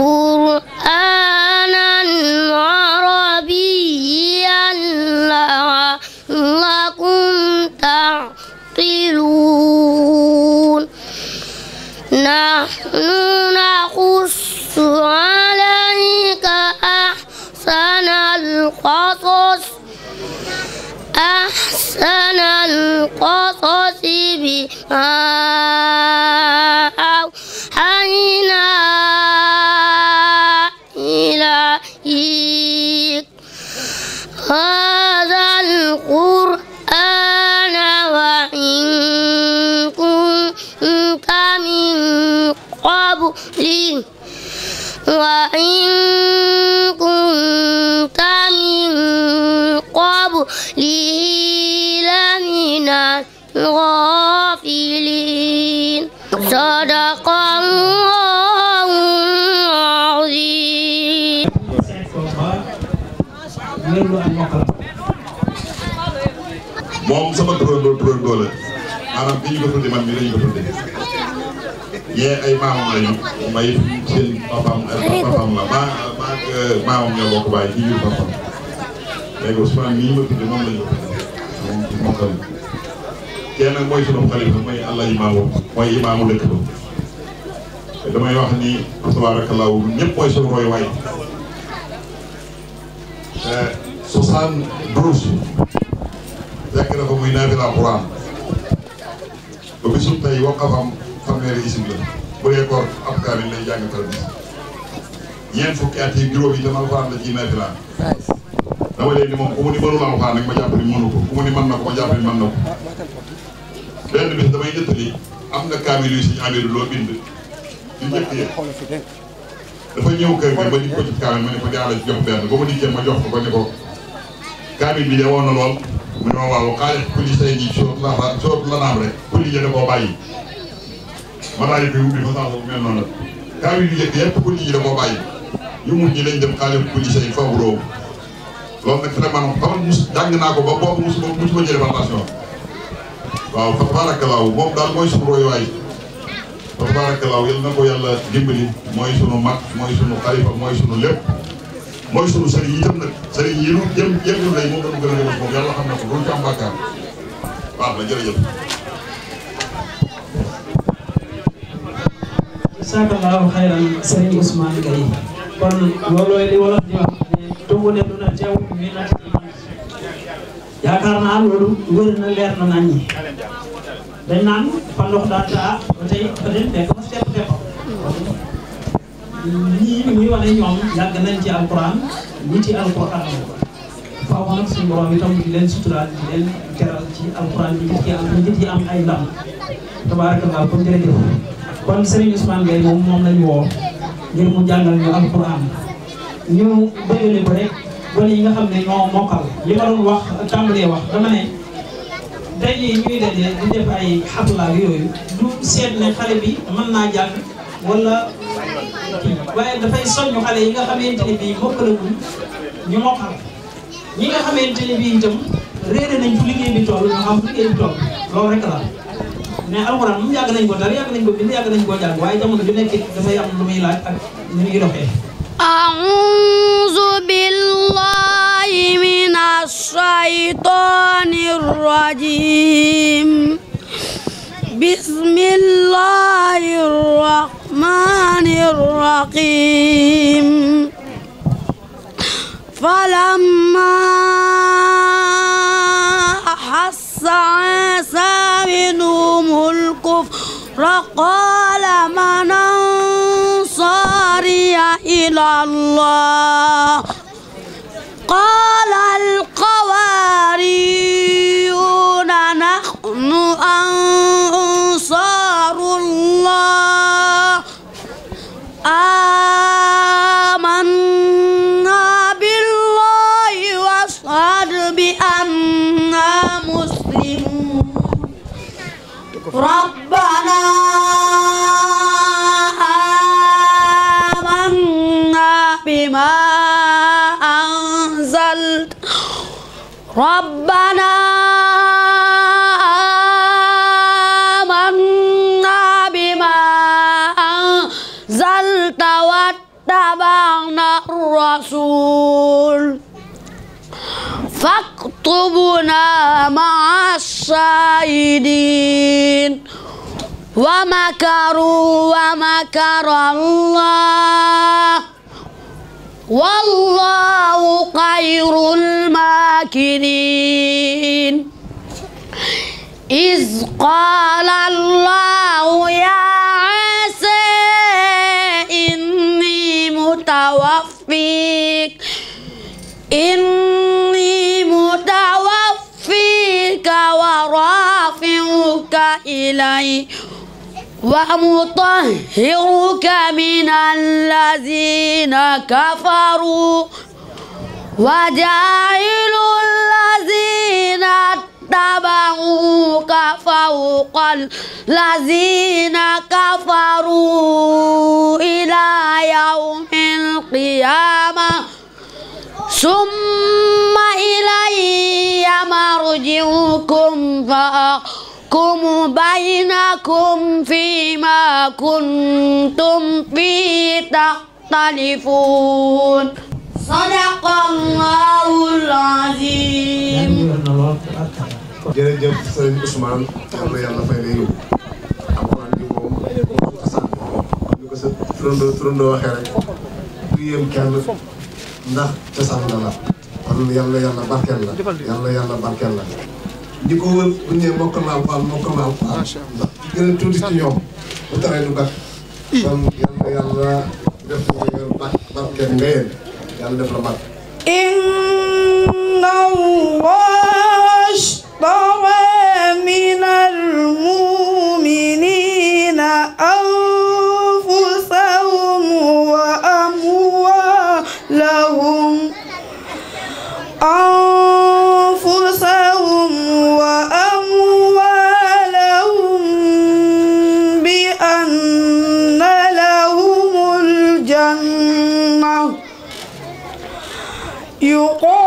قرآنا عربيا لعلكم تعقلون نحن نقص عليك أحسن القصص أحسن القصص بما أوحينا رفيق هذا القرآن وإن كنت من قبله وإن كنت من قبله لمن الغافلين صدق moom sa turandoo turandoo la maanaam bi ñu ko yee ay maamam la ñu may seen papaam ay papaam la maa maa euh, maamam ñoo bokk bàyyi ci biir papaam léegi Ousmane mii ma tuddee moom la ñu ci mokkal kenn nag mooy sunu xalifa mooy allah imaamu mooy imaamu dëkk ba te damay wax ni tabaarakallaahu mooy sunu roy waay euh, soixante douze fekk na ko muy naafila alquran ba bisub tey waqafam fanweeri isim la bu dee koor ab kaamil lay jàng par ñeent fukki at yi juróom yi tam alquran la ciy naafila dama leen ni moom ku mu ni mënul alquran nag ma jàpp ni mënu ko ku mu ni mën na ko ma ni mën na ko benn am na kaamil yu si amiru loo bind yu njëkk yi dafa ñëw kër gi ko ci kaamil ma ne ko jaarale jox benn ba ma dikkee ma jox ko ko ne ko kaamil bi de woon na lool mu ne ma waaw xaalis kulli say di sóotu la fa sóotu la naam rek kulli ji da koo bàyyi ma laaj bi ubbi fa sax mel noonu la kaaw yi di jëkk yëpp kulli ji da koo bàyyi yu mujj ji lañ dem xaalis kulli say foofu roobu loolu nag vraiment xamal mus jàng naa ko ba boobu mus mus ma jëlee formation waaw fa tabaarakallaahu moom daal mooy suñu royuwaay fa tabaarakallaahu yal na ko yàlla dimbali mooy sunu mag mooy sunu xalifa mooy sunu lépp mooy sunu sëriñ itam nag sëriñ yi lu jëm jëm moom dañu a yëngu moom yàlla xam na ko loolu ci am bàkkaar baax na jërëjëf. saakallaahu na yaakaar naa loolu wër leer na nañ ñi dañ naan fa ndox daa taa ba tey peut-être lii li muy wax ne ñoom yàgg nañ ci alquran ñi ci alquran faaw nag suñu borom itam di leen suturaal leen teral ci alquran bi nit ki am nit yi am ay ndam tabarakallah kon jërëjëf kon Serigne Ousmane Gueye moom moom lañu woo ngir ñu rek gone yi nga xam ne ñoo mokkal li ma doon wax tàmbalee wax dama ne daje ñuy daje di def ay xatlaak yooyu du seet ne xale bi mën naa jàng wala waaye dafay soññ xale yi nga xamante ne bii mokkalaguñ ñu mokkal ñi nga xamante ne bii itam réere nañ fu liggéey bi toll ñu xam liggéey bi toll loolu rek la mais alxuraan moom yàgg nañ ko dara yàgg nañ ko bind yàgg nañ koo jàng waaye jamono ju nekk dafay am lu muy laaj ak ñu ngi doxee a'uuzu billahi minash shaytaanir rajiim bismillahir rahmaanir rahiim الرحمن الرحيم فلما أحس عيسى منهم الكفر قال من أنصاري إلى الله قال القواريون نحن أنصار الله آمنا بالله واشهد بأننا مسلمون ربنا آمنا بما أنزلت ربنا الرسول فاكتبنا مع الشاهدين ومكروا ومكر الله والله خير الماكرين إذ قال الله يا متوفيك إني متوفيك ورافعك إلي ومطهرك من الذين كفروا وجاعل الذين اتبعوك فوق الذين كفروا إلى يوم القيامة ثم إلي مرجعكم فأحكم بينكم فيما كنتم فيه تختلفون صدق الله العظيم jërëjëf sëriñ Ousmane yàlla yàlla fay lay yóbbu alxuraan bi moom moom xasaan moom ñu ko sa turandoo turandoo waxee rek du yéem kenn ndax cosaan la la kon yàlla yàlla barkeel la yàlla yàlla barkeel la ñi ko wër bu ñu nee mokk naa alxuraan mokk naa alxuraan ndax ci gën a tuuti ci ñoom bu taree du gàtt kon yàlla yàlla def nga barkeel nga yéen yàlla def la barke inna Allah طغى من المؤمنين أنفسهم وأموالهم أنفسهم وأموالهم بأن لهم الجنة يقال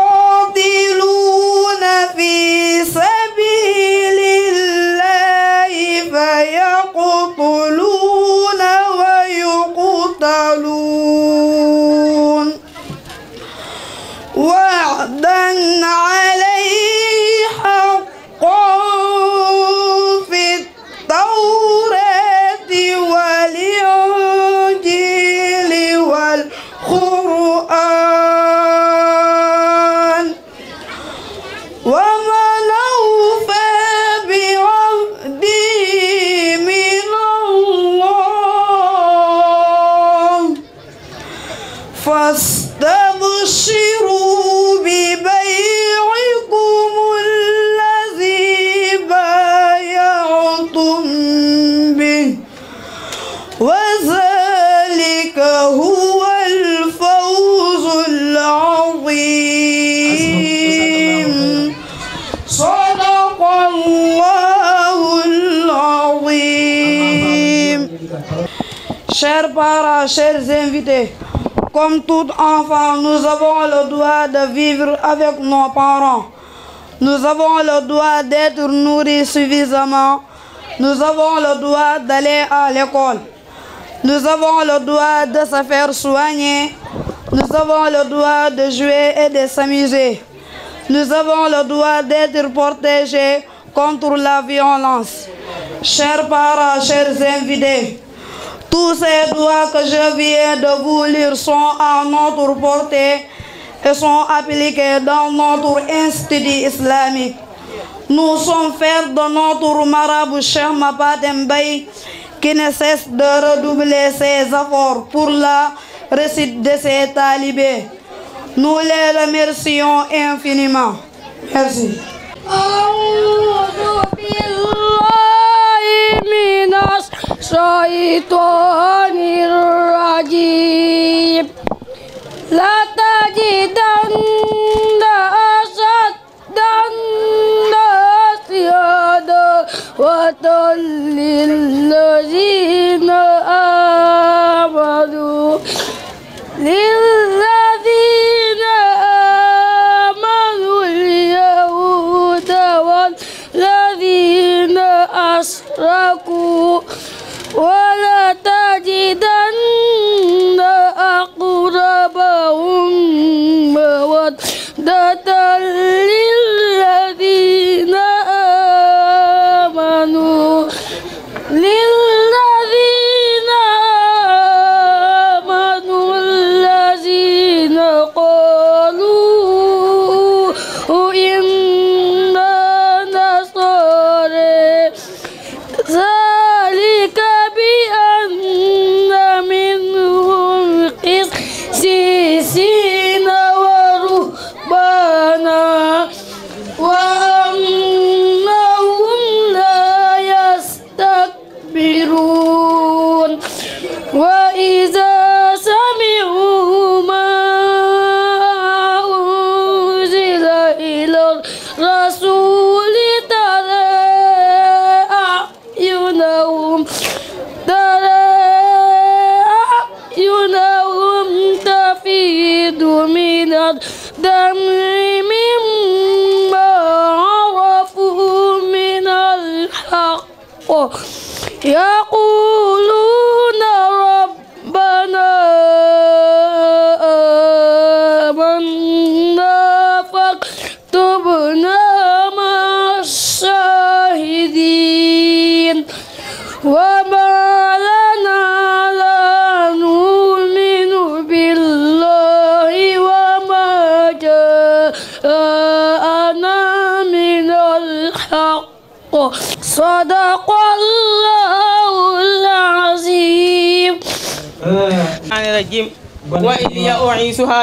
Chers parents, chers invités, comme tout enfant, nous avons le droit de vivre avec nos parents. Nous avons le droit d'être nourris suffisamment. Nous avons le droit d'aller à l'école. Nous avons le droit de se faire soigner. Nous avons le droit de jouer et de s'amuser. Nous avons le droit d'être protégés contre la violence. Chers parents, Tous ces doigts que je viens de vous sont à notre portée et sont appliqués dans notre institut islamique. Nous sommes fiers de notre marabout Cheikh Mapatem Mbaye qui ne cesse de redoubler ses efforts pour la réussite de ses talibés. Nous les remercions infiniment. الشيطان الرجيم لا تجدن أشد الناس عداوة للذين آمنوا للذين آمنوا اليهود والذين أشركوا ولتجدن أقربهم مودة للذين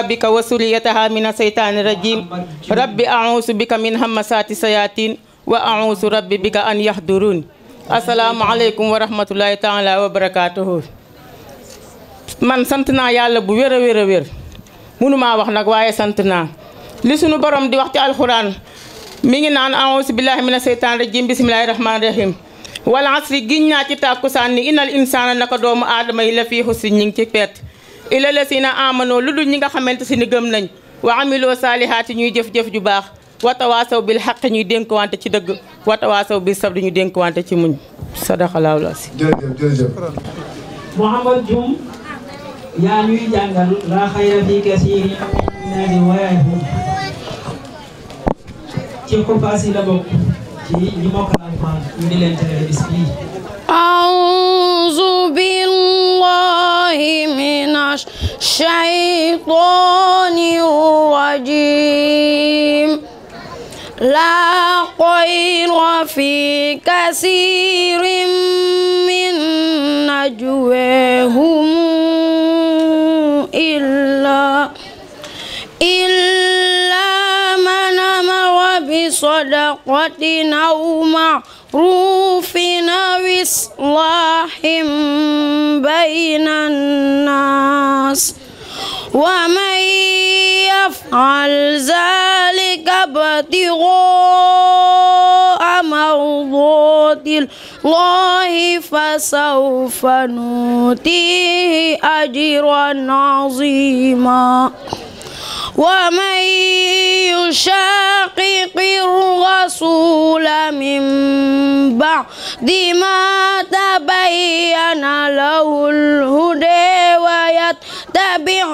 bika wa suriyataha a seytaani rajim rabbi auusu bika min hamasaati sayaatin wa auusu rabbi bika an man sant naa yàlla bu wér a wér a wér mënumaa wax nag waaye sant naa li sunu borom di wax ci alxuraan mi ngi naan auusu billaahi min a seytaani rajim bismillaahi rahmaani rahim wal asri giñ naa ci tàkkusaan ni inal insaana naka doomu aadama yi la fii xusri ci pett illa na amanoo lu dul ñi nga xamante si ni gëm nañ wa amiloo saalihaati ñuy jëf-jëf ju baax watawaasaw bil xaq ñuy dénkuwante ci dëgg watawaasaw bil sabri ñu dénkuwante ci muñ sadaqalaahu laasi jërëjëf jërëjëf Mouhamad laa xayra ci ñi mokk alxuraan ñu ngi leen tere bis bii auzu billahi minash shaytani rajim la khayra fi kasirin min najwahum illa illa بصدقة أو معروف أو إصلاح بين الناس ومن يفعل ذلك ابتغاء مرضات الله فسوف نؤتيه أجرا عظيما ومن يشاقق الرسول من بعد ما تبين له الهدى ويتبع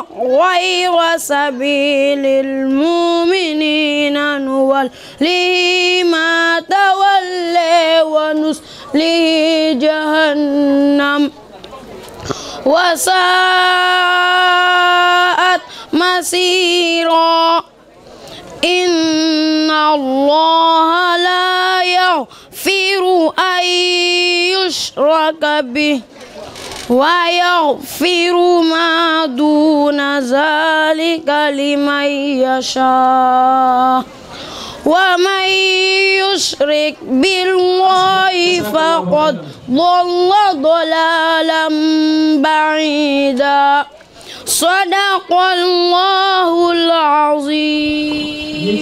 غير سبيل المؤمنين نوله ما تولى ونسله جهنم وساءت إن الله لا يغفر أن يشرك به ويغفر ما دون ذلك لمن يشاء ومن يشرك بالله فقد ضل ضلالا بعيدا sadaqallahul azim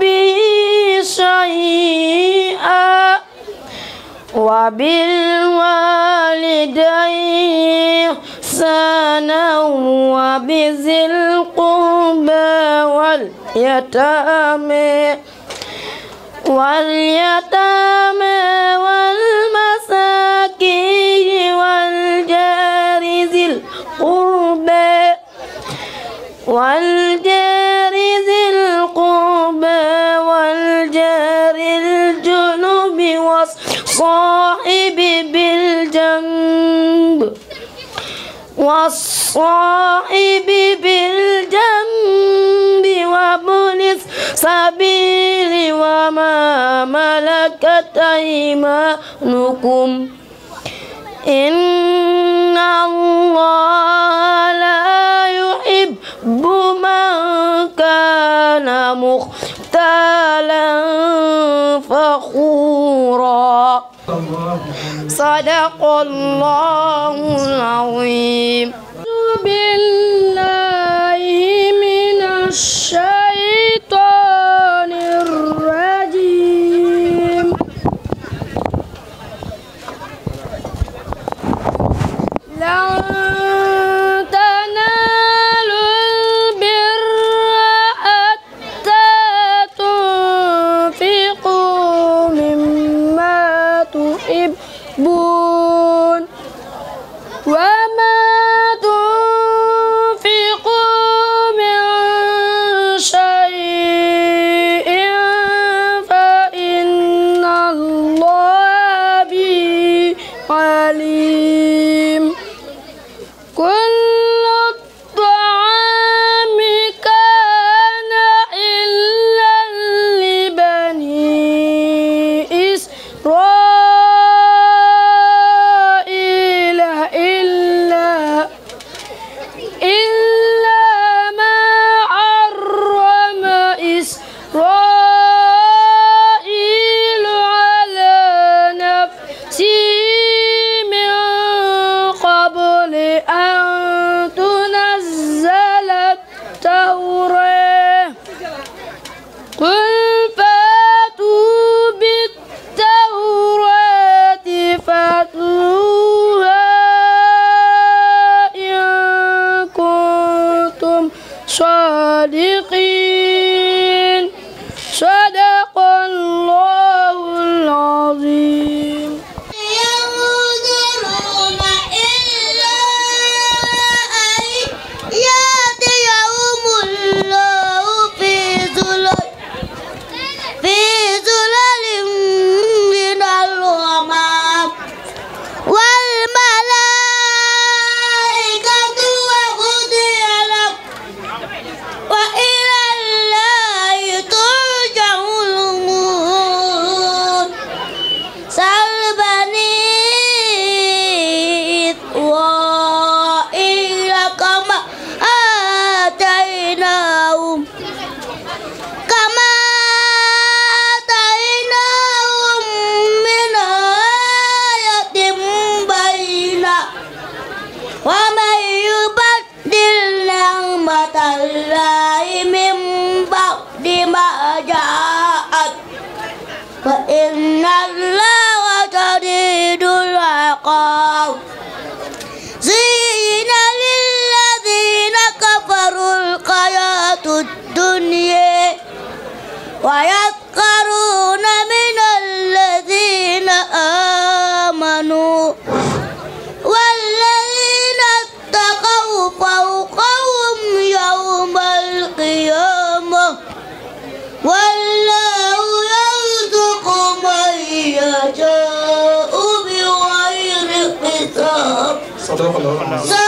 bi shay'an wa bil walidayni ihsanan wa bizil qurba wal yatama واليتامى والمساكين والجار ذي القربى والجار ذي القربى والجار الجنب والصاحب بالجنب والصائب بالجنب وابن السبيل وما ملكت أيمانكم إن الله لا صدق الله العظيم tabaarakallah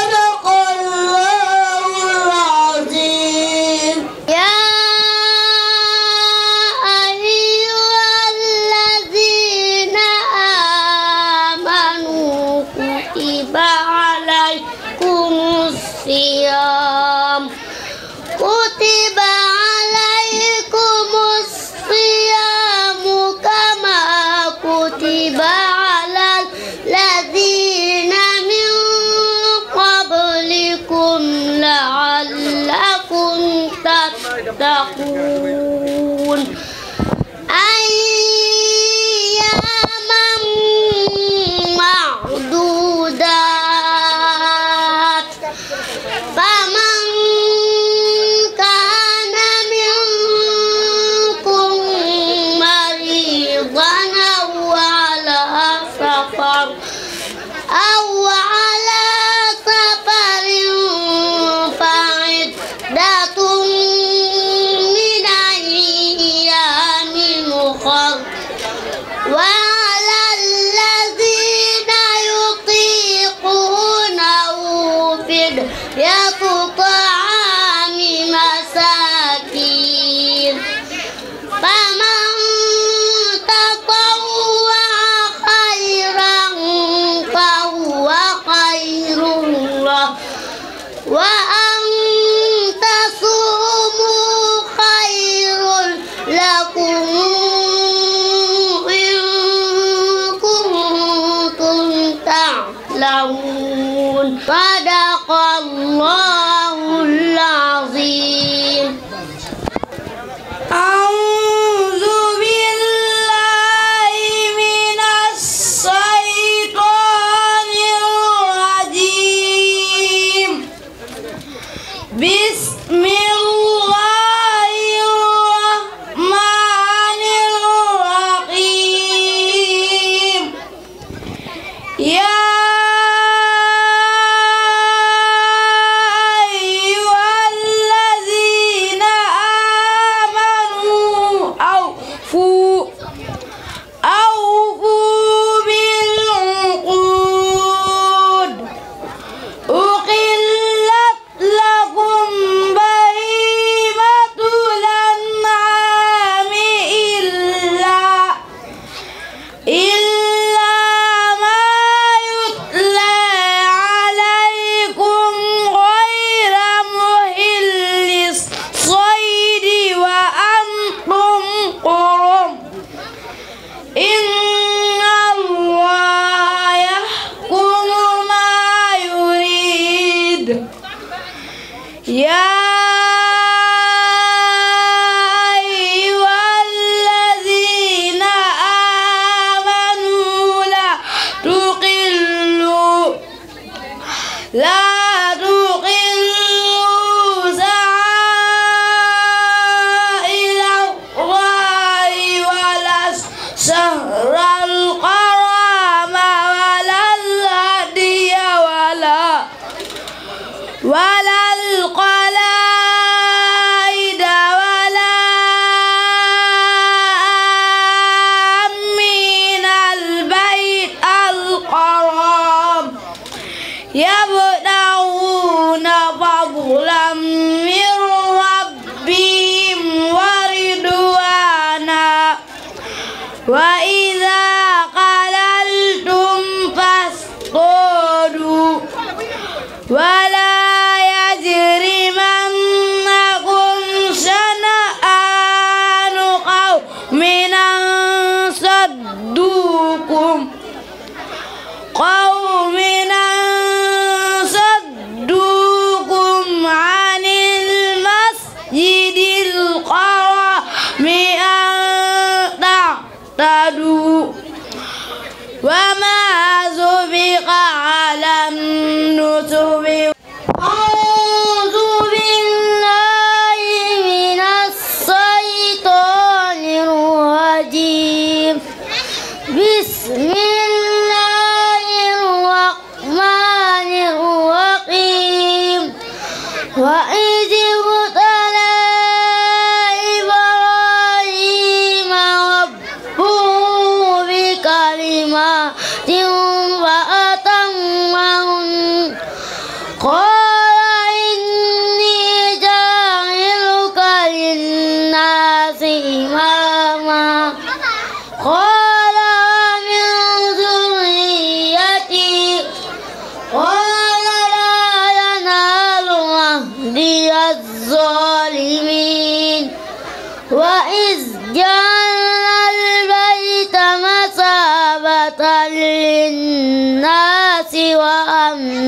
waa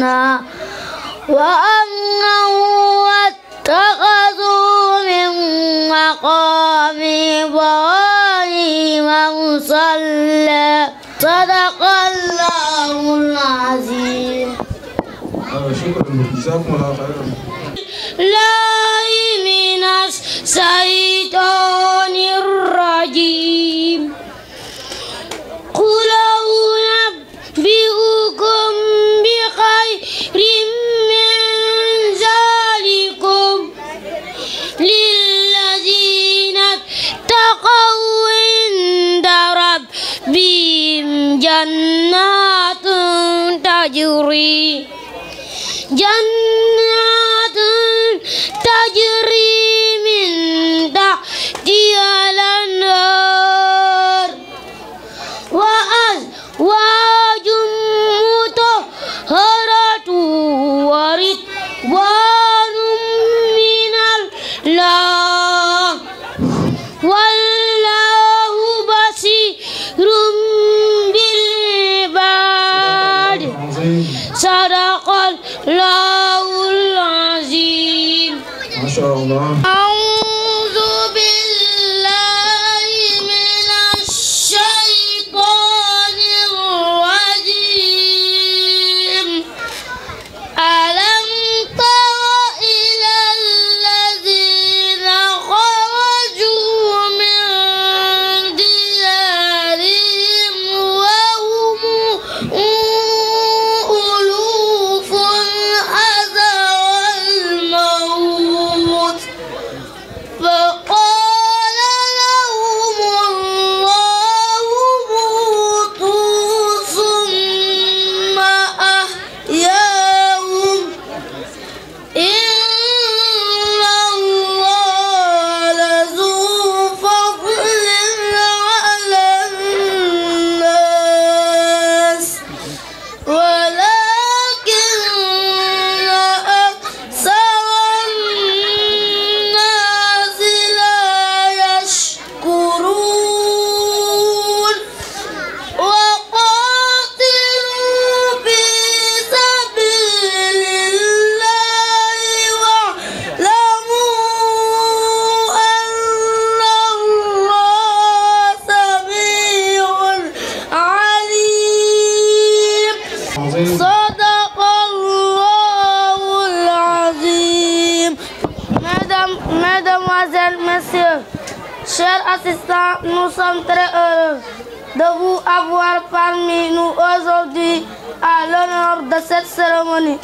ربنا وأنه اتخذوا من مقام إبراهيم مصلى صدق الله العظيم لا من الشيطان الرجيم قل أنبئكم خير من ذلكم للذين اتقوا عند ربهم جنات تجري جنات Whoa! assistants, nous sommes très heureux de vous avoir parmi nous aujourd'hui à l'honneur de cette cérémonie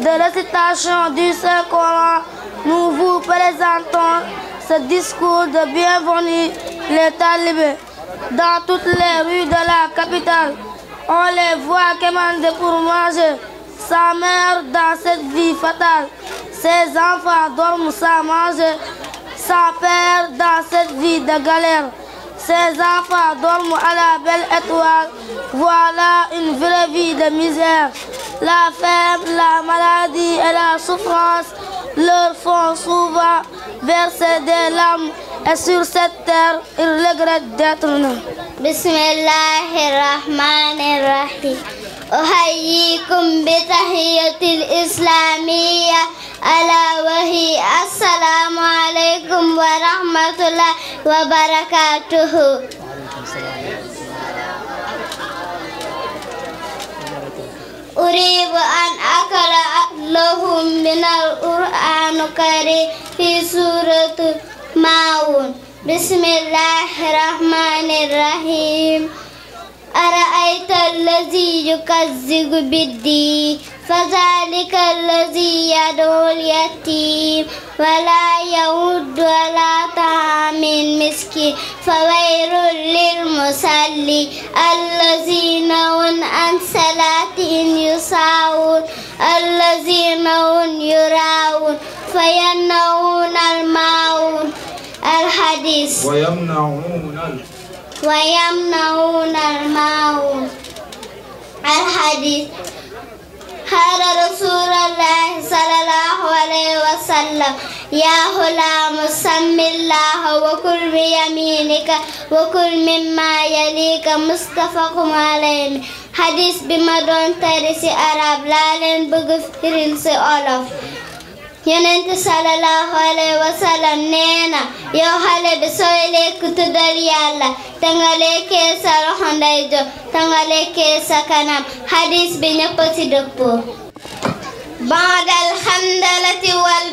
de récitation du Saint-Coran. Nous vous présentons ce discours de bienvenue, les talibés. Dans toutes les rues de la capitale, on les voit quémander pour manger. Sa mère dans cette vie fatale, ses enfants dorment sans manger. sans père dans cette vie de galère. Ces enfants dorment à voilà une vraie de misère. La faim, la maladie et la souffrance leur font souvent verser des larmes et sur cette terre, ils regrettent أحييكم بتحية الإسلامية ألا وهي السلام عليكم ورحمة الله وبركاته أريد أن أقرأ لهم من القرآن الكريم في سورة معون بسم الله الرحمن الرحيم أرأيت الذي يكذب بالدين فذلك الذي يدعو اليتيم ولا يود ولا طعام مسكين فويل للمصلي الذين هم عن صلاتهم يصاعون الذين هم يراعون فيمنعون الماعون الحديث ويمنعون ويمنعون الماعون الحديث قال رسول الله صلى الله عليه وسلم يا غلام سم الله وكل بيمينك وكل مما يليك متفق عليه حديث bi ma doon tari ci arab laa leen bëgg firil ci olof yonent sallallahu alayhi wa sallam nee na yow xale bi sooy lekk tuddal yàlla te kanam xadis bi ñëpp ci dëppoo baadal xamdalati wal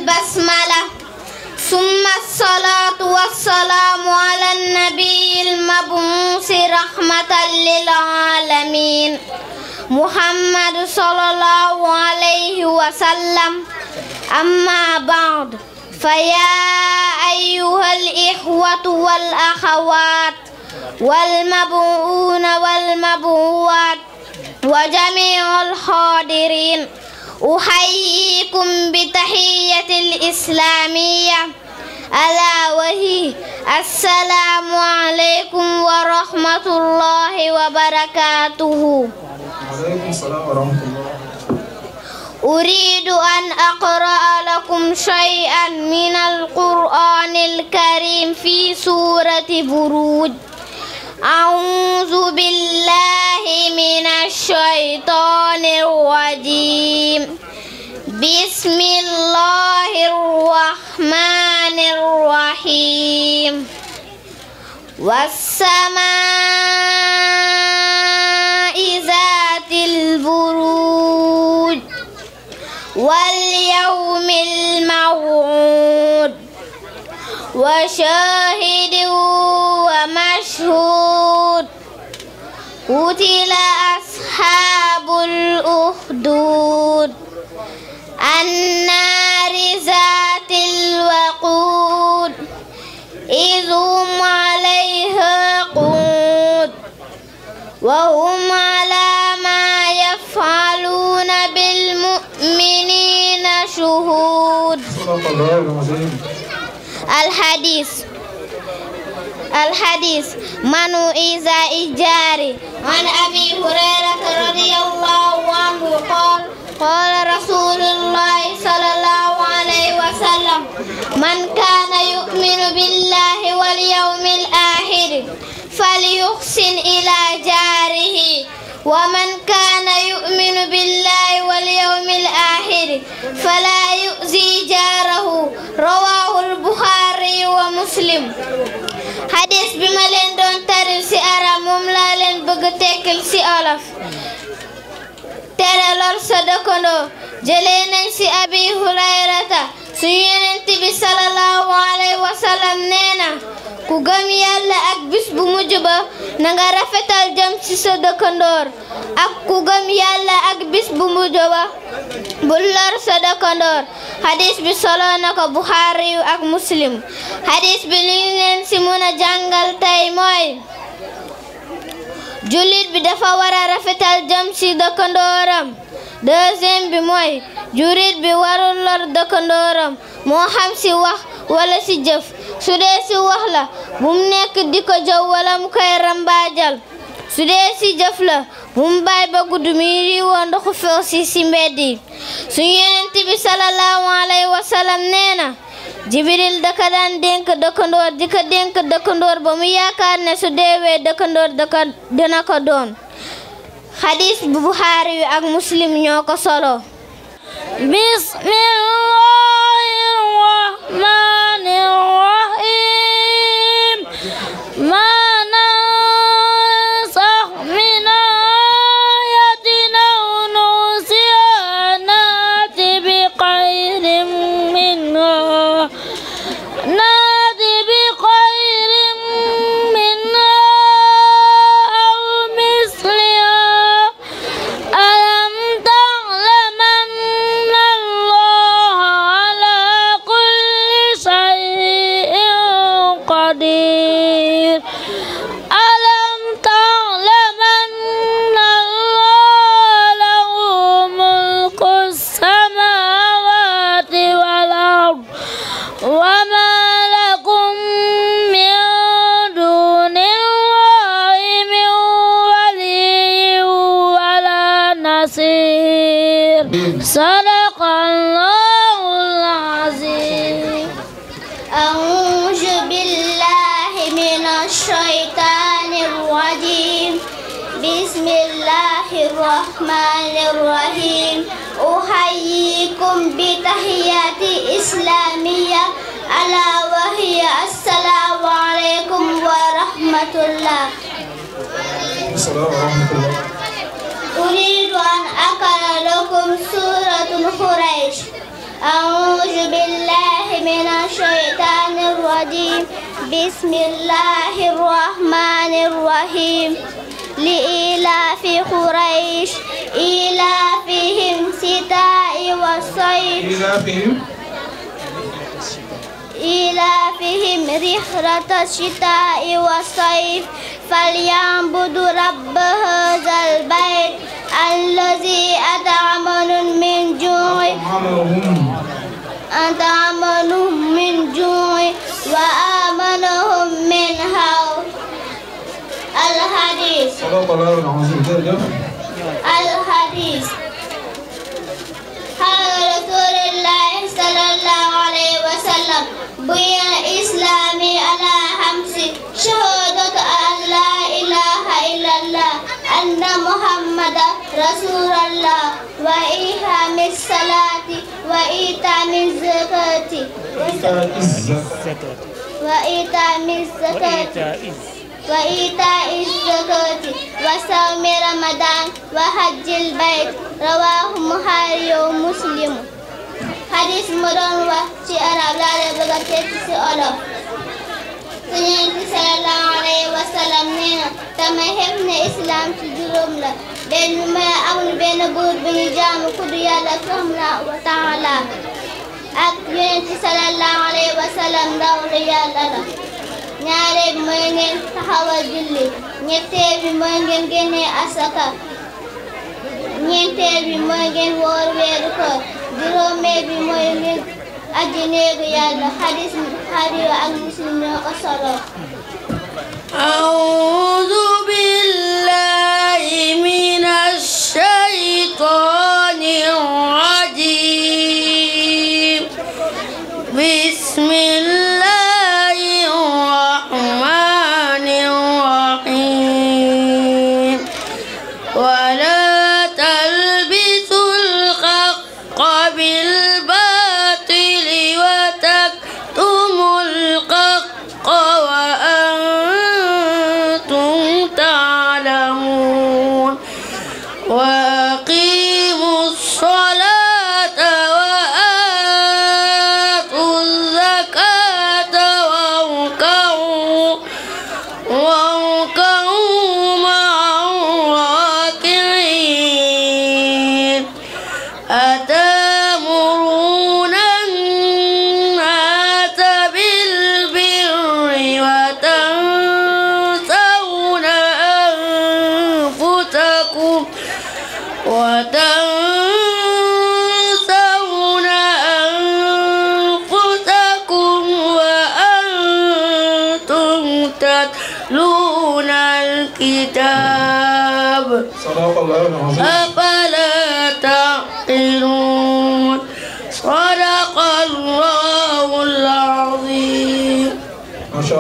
summa salaatu wassalaamu ala nabiyil mabuusi rahmatan lil محمد صلى الله عليه وسلم أما بعد فيا أيها الإخوة والأخوات والمبعون والمبعوات وجميع الحاضرين أحييكم بتحية الإسلامية ألا وهي السلام عليكم ورحمة الله وبركاته وعليكم السلام ورحمة الله أريد أن أقرأ لكم شيئا من القرآن الكريم في سورة برود أعوذ بالله من الشيطان الرجيم بسم الله الرحمن الرحيم والسماء واليوم الموعود وشاهد ومشهود قتل أصحاب الأخدود النار ذات الوقود إذ هم عليها قود وهم على ما يفعلون بالمعروف للمؤمنين شهود صدق الله العظيم الحديث الحديث من إذا إجاري عن أبي هريرة رضي الله عنه قال قال رسول الله صلى الله عليه وسلم من كان يؤمن بالله واليوم الآخر فليحسن إلى جاره ومن كان يؤمن بالله واليوم الآخر فلا يؤذي جاره رواه البخاري ومسلم xadis bi ma leen doon taril ci arab moom laa leen bëgg tekkil ci olof tere lor sa dëkkandoo jëlee nañ ci abi hurayrata suñu yonent bi sallallahu alayhi wa sallam nee ku gëm yàlla ak bis bu mujj ba rafetal jëm ci sa ak ku gëm yàlla ak bis bu mujj ba bu lor sa dëkkandoor hadis bi solo na ko Buxaari yu ak Muslim hadis bi li ñu leen ci mën a jàngal tey mooy bi dafa war rafetal jëm ci dëkkandooram deuxième bi mooy jurit bi warul lor dëkkandooram moo xam si wax wala si jëf su dee si wax la bum nekk di ko jëw mu koy rambaajal su dee si jëf la bum bàyyi ba gudd mi riiwoo ndoxu feew si si mbedd yi suñu bi salallaahu alayhi wa nee na jibril daka daan dénk ba mu yaakaar ne su deewee dëkkandoor daka dina ko doon xadis bu buxaari yu ak muslim ñoo ko solo bismillahi rahmani rahim قدير الإسلامية ألا وهي السلام عليكم ورحمة الله أريد أن أقرأ لكم سورة قريش أعوذ بالله من الشيطان الرجيم بسم الله الرحمن الرحيم لإيلاف قريش إيلافهم ستاء والصيد إيلافهم إيلافهم رحلة الشتاء والصيف فليعبدوا رب هذا البيت الذي أطعمهم من جوع أطعمهم من جوع وآمنهم من خوف الحديث الحديث بني الإسلام على خمس شهادة أن لا إله إلا الله أن محمد رسول الله وإقام الصلاة وإيتاء الزكاة وإيتاء الزكاة وإيتاء الزكاة وصوم رمضان وحج البيت رواه البخاري ومسلم xadis mu doon wax ci arab laa la bëgg a ci olof suñu ci sallallahu alayhi wa sallam nee na xef ne islam ci juróom la benn may amul benn buur bi ñu jaamu ku du yàlla subhanahu wa taala ak yonent ci sallallahu alayhi wa sallam yàlla la ñaareel mooy ngeen taxawal julli ñetteel bi mooy génnee asaka ñeenteel bi mooy ngeen woor weeru koor juróomeel bi mooy nit aji néegu yàlla xadis xariyo ak muslim ñoo ko solo أعوذ بالله من الشيطان الرجيم بسم الله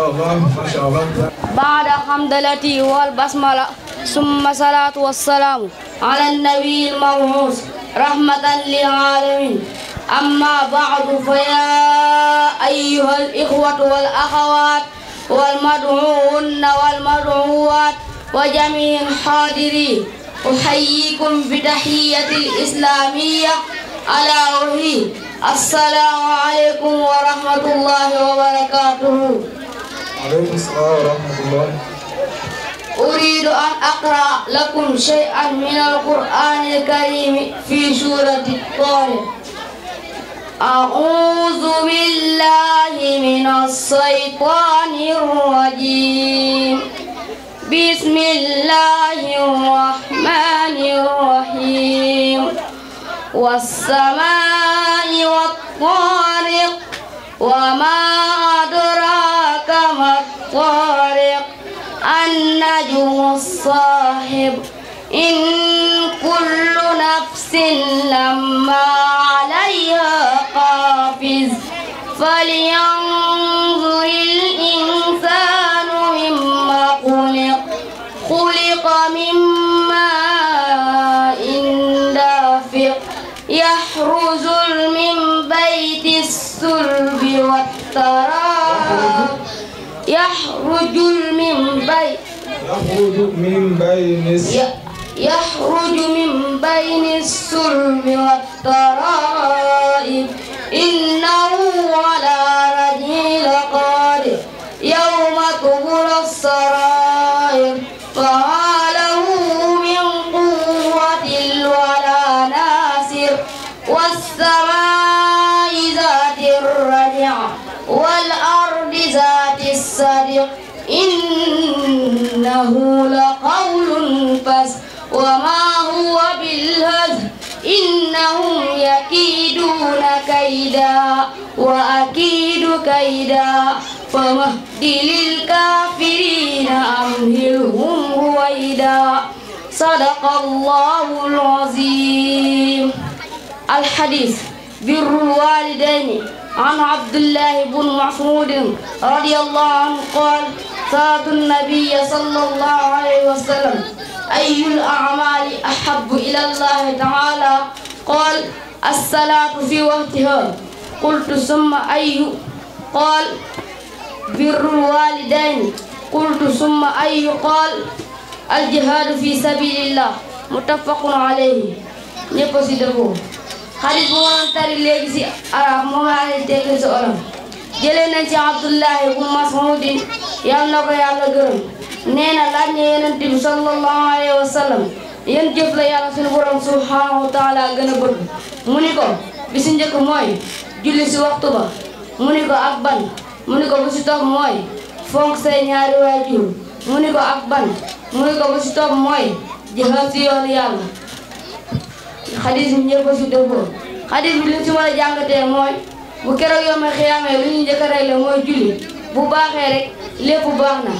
allah macha allah baada xamdalati wal basmala summa salaatu wassalaamu ala nabi almawuus rahmatan lil alamin amma baadu fa yaa ayyuha al ixwatu wal axawaat wal mad'uuna wal mad'uwaat wa jamii'il xaadiriin uhayyikum bi tahiyyati islaamiyya alaa ruhi assalaamu aleykum wa rahmatullaahi wa barakaatuh عليكم السلام ورحمة الله أريد أن أقرأ لكم شيئا من القرآن الكريم في سورة الطارق أعوذ بالله من الشيطان الرجيم بسم الله الرحمن الرحيم والسماء والطارق وما النجم الصاحب إن كل نفس لما عليها قافز فلينظر الإنسان مما خلق خلق مما إن دافق يحرز من بيت السلب والتراب يخرج من بين يخرج من بين يخرج من بين السلم والترائب إنه على رجه لقادر يوم تبلى السرائر فهذا صدق إنه لقول فس وما هو بالهزل إنهم يكيدون كيدا وأكيد كيدا فمهد للكافرين أمهلهم رويدا صدق الله العظيم الحديث بر الوالدين عن عبد الله بن مسعود رضي الله عنه قال سألت النبي صلى الله عليه وسلم أي الأعمال أحب إلى الله تعالى قال الصلاة في وقتها قلت ثم أي قال بر الوالدين قلت ثم أي قال الجهاد في سبيل الله متفق عليه ñépp ci dëppoo xadis bu woon tari léegi si arab moo xaale tekki si olof jëlee nañ ci abdullahi bu mas'udin yal na ko yàlla gërëm nee na laaj na yonent bi sallallahu alayhi wa sallam yéen jëf la yàlla suñu borom subhanahu taala gën a bëgg mu ni ko bi si njëkk mooy julli si waxtu ba mu ni ko ak ban mu ni ko bu si topp mooy fonk say ñaari waajur mu ni ko ak ban mu ni ko bu si topp mooy jëfal si yoonu yàlla xadis bi ñëpp a si dëppoo xadis bi li si war a jàngatee mooy bu keroog yow ma lu ñu njëkk a mooy julli bu baaxee rek lépp baax na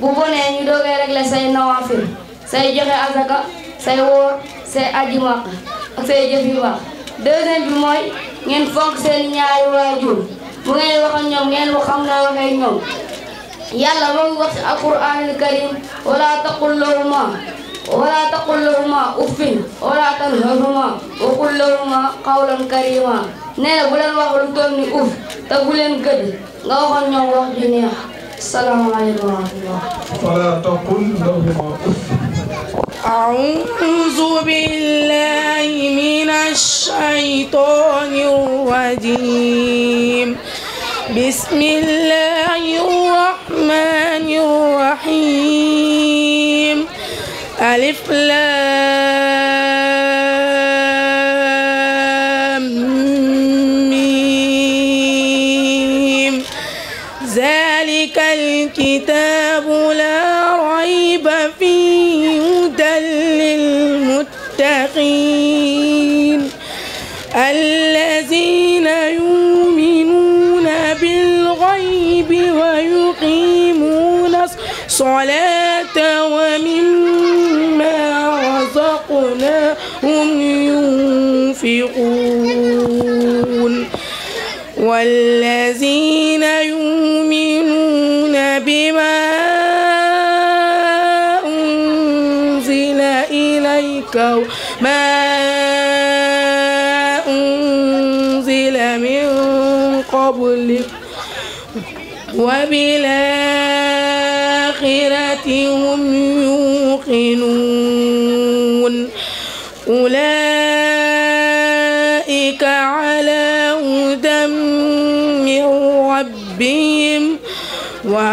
bu bonee ñu doogee réglé say nawaafil say joxe asaka say woor say aji say jëf yu bi mooy ngeen fonk seen ñaari waajur bu ngeen wax ñoom ngeen wax xam naa yàlla moo ngi wax ci alquraanil karim wala taqul ولا تقل لهما اف ولا تنهرهما وقل لهما قولا كريما nee na bu leen wax lu toll ni uf te bu leen gëdd nga waxoon ñoom wax ju neex salaamaaleykum wa rahmatullah. fala taqul lahuma uf. أعوذ بالله من الشيطان الرجيم بسم الله la يتقون والذين يؤمنون بما أنزل إليك ما أنزل من قبلك وبالآخرة هم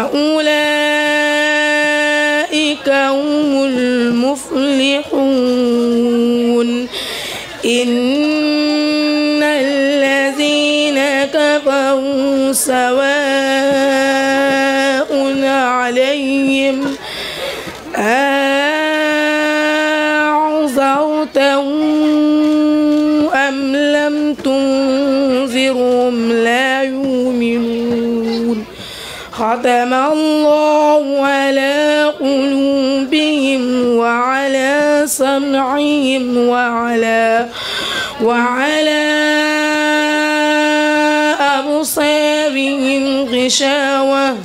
وأولئك هم المفلحون إن الذين كفروا سواء غشاوة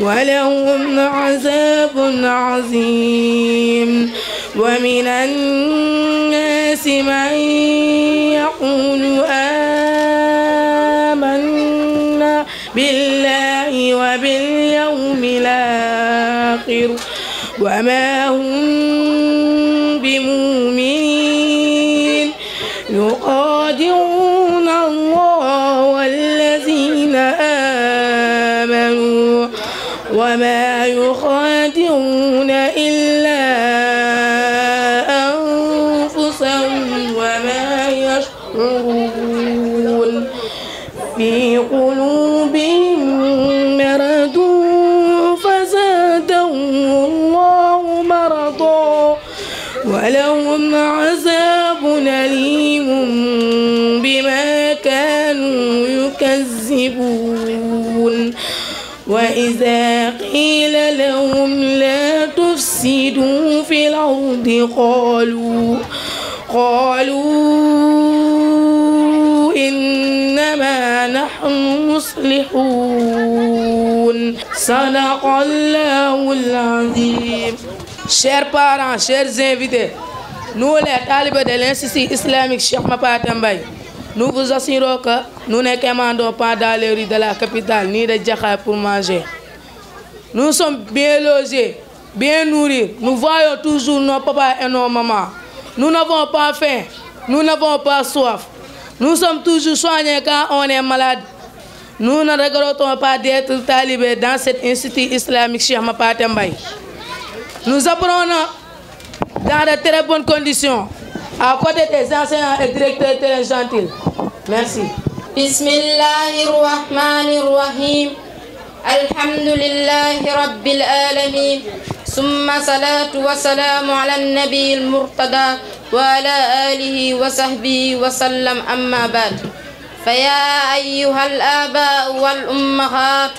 ولهم عذاب عظيم ومن الناس من وإذا قيل لهم لا تفسدوا في الأرض قالوا قالوا إنما نحن مصلحون صدق الله العظيم Chers parents, chers invités, nous les talibés de l'Institut islamique Cheikh Mapata Mbaye Nous vous assurons que nous ne commandons pas dans les rues de la capitale ni de Djakar pour manger. Nous sommes bien logés, bien nourris. Nous voyons toujours nos papas et nos mamans. n'avons pas faim, nous n'avons pas soif. Nous sommes toujours soignés quand on malade. Nous ne regrettons pas d'être talibés dans cet institut islamique Cheikh Mapatembay. Nous apprenons dans de très bonnes à côté des enseignants et directeurs terrain gentil. Merci. Bismillahir Rahmanir Rahim. Alhamdulillahi Rabbil Alamin. Summa salatu wa salamu ala nabi al-murtada wa ala alihi wa sahbihi wa sallam amma ba'd. فيا أيها الآباء والأمهات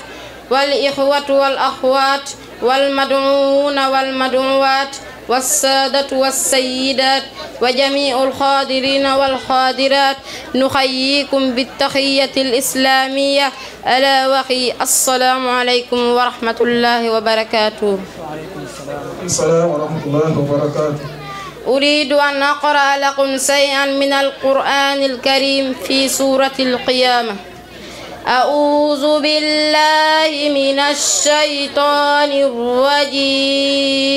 والإخوة والأخوات والمدعون والمدعوات والسادة والسيدات وجميع الخادرين والخادرات نحييكم بالتحية الإسلامية ألا وخي السلام عليكم ورحمة الله وبركاته وعليكم السلام ورحمة الله وبركاته أريد أن أقرأ لكم شيئا من القرآن الكريم في سورة القيامة أعوذ بالله من الشيطان الرجيم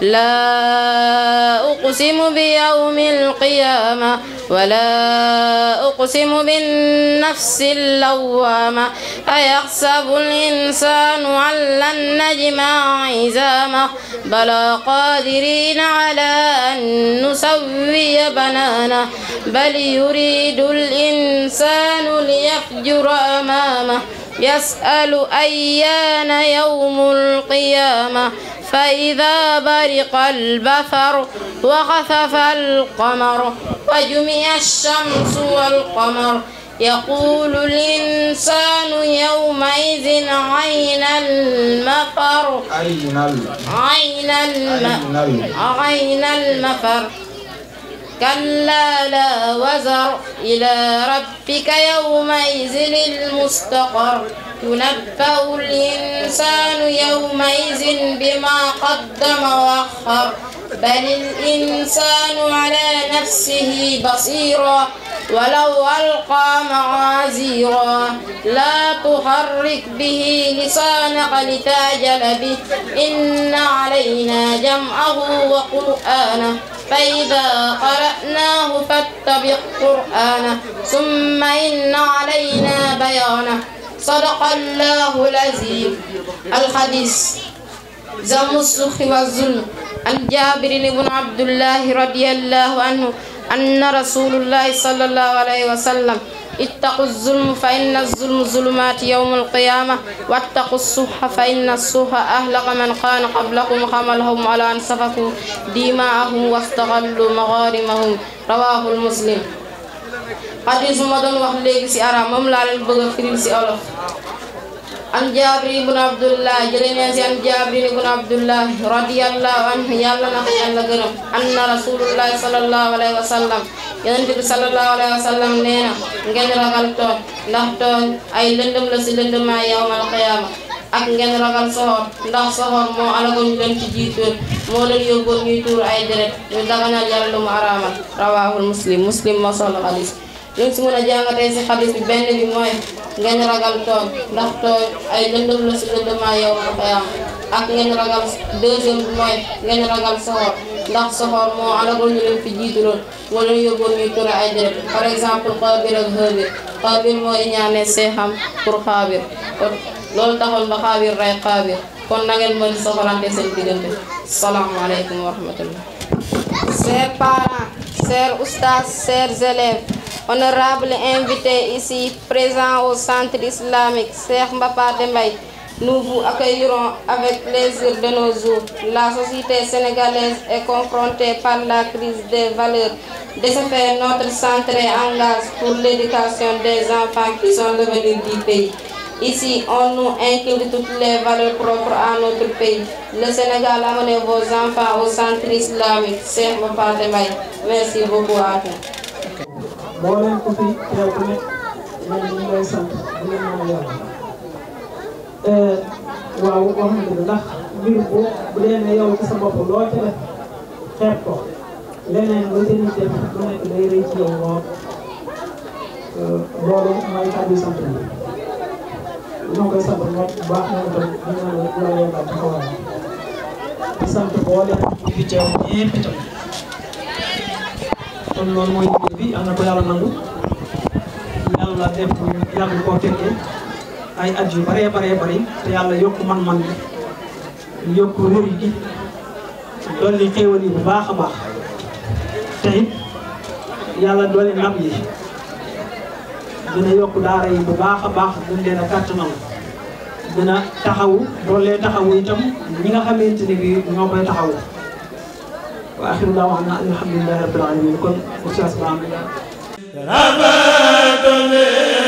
لا أقسم بيوم القيامة ولا أقسم بالنفس اللوامة أيحسب الإنسان أن لن نجمع عزامه بلى قادرين على أن نسوي بنانه بل يريد الإنسان ليفجر أمامه يسأل أيان يوم القيامة فإذا برق البصر وخسف القمر وجمع الشمس والقمر يقول الإنسان يومئذ أين المفر أين المفر كلا لا وزر إلى ربك يومئذ المستقر ينبأ الإنسان يومئذ بما قدم وأخر بل الإنسان على نفسه بصيرا ولو ألقى معاذيرا لا تحرك به لسانك لتعجل به إن علينا جمعه وقرآنه فإذا قرأ بدأناه فاتبع قرآنه ثم إن علينا بيانه صدق الله العظيم الحديث ذم السخ والظلم عن جابر بن عبد الله رضي الله عنه أن رسول الله صلى الله عليه وسلم ittaqu zulm fa inna zulm zulumaat yawma alqiyaama wattaqu suha fa inna suha ahlaqa man kaana qablakum xamalahum ala an safaku dimaahum wastaxallu maxaarimahum rawaahul muslim xadis ma doon wax léegi si arab moom laa leen bëgg a firil si olof an jaabir ibn abdullah jëlee na si an jaabir ibn abdullah radiyallahu anhu yàlla na ko yàlla gërëm anna rasulullahi sallallahu alayhi wa sallam yonent sallallahu alayhi wa sallam na ngeen ragal toog ndax toog ay lëndëm si lëndëmaa yawmal qiyaama ak ngeen ragal soxor ndax soxor moo alagoon ñu leen ci jiitoon moo leen yóbboon ñuy tuur ay deret ñu daganal yàlla araamal rawaahul muslim muslim moo solo xadis luñ si mën a jàngatee si xadis bi benn bi mooy ngeen ragal tooñ ndax tooñ ay lëndëm la si lëndëmaa yow ma xayaam ak ngeen ragal deuxième bi mooy ngeen ragal soxor ndax soxor moo alagoon ñu leen fi jiituloon moo leen yóbboon ñuy tura ay deret par exemple xaabir ak xaabir xaabir mooy ñaane seexam pour xaabir loolu taxoon ba xaabir rey xaabir kon na ngeen mën seen diggante salaamaaleykum wa rahmatullah. chers oustas, chers élèves, honorables invités ici présents au centre islamique Cheikh Mbapa Dembay, nous vous accueillerons avec plaisir de nos jours. La société sénégalaise est confrontée par la crise des valeurs. De ce fait, notre centre en gage pour l'éducation des enfants qui sont l'avenir du pays. Ici, on nous inculque toutes les valeurs propres à notre pays. Le Sénégal, amenez vos enfants au centre islamique. C'est mon Merci beaucoup à tous. waaw wax nga dëgg ndax mbir bu bu dee ne yow ci sa bopp loo ci def xeeb ko leneen lu ci nit def lu nekk day rëy ci yow lool loolu mooy kàddu sant bi ñoo ngi koy sant bu baax moom itam ñu ngi leen di laajee daal taxawaay di sant booleem ñu fi teew ñëpp itam kon loolu mooy liggéey bi am na ko yàlla nangu yàlla def yàlla koo fekkee ay at yu bëree bëree bëri te yàlla yokk man-man bi yokk wér gi dolli xéewal yi bu baax a baax te it yàlla dolli ndam yi. gën a yokk daara yi bu baax a baax gën leen a kàttanal gën a taxawu loolee taxawu itam ñi nga xamante ne bii ñoo koy taxawu. wa axiru daa wax na alhamdulilahi rabbil alamin kon oustaz Ba am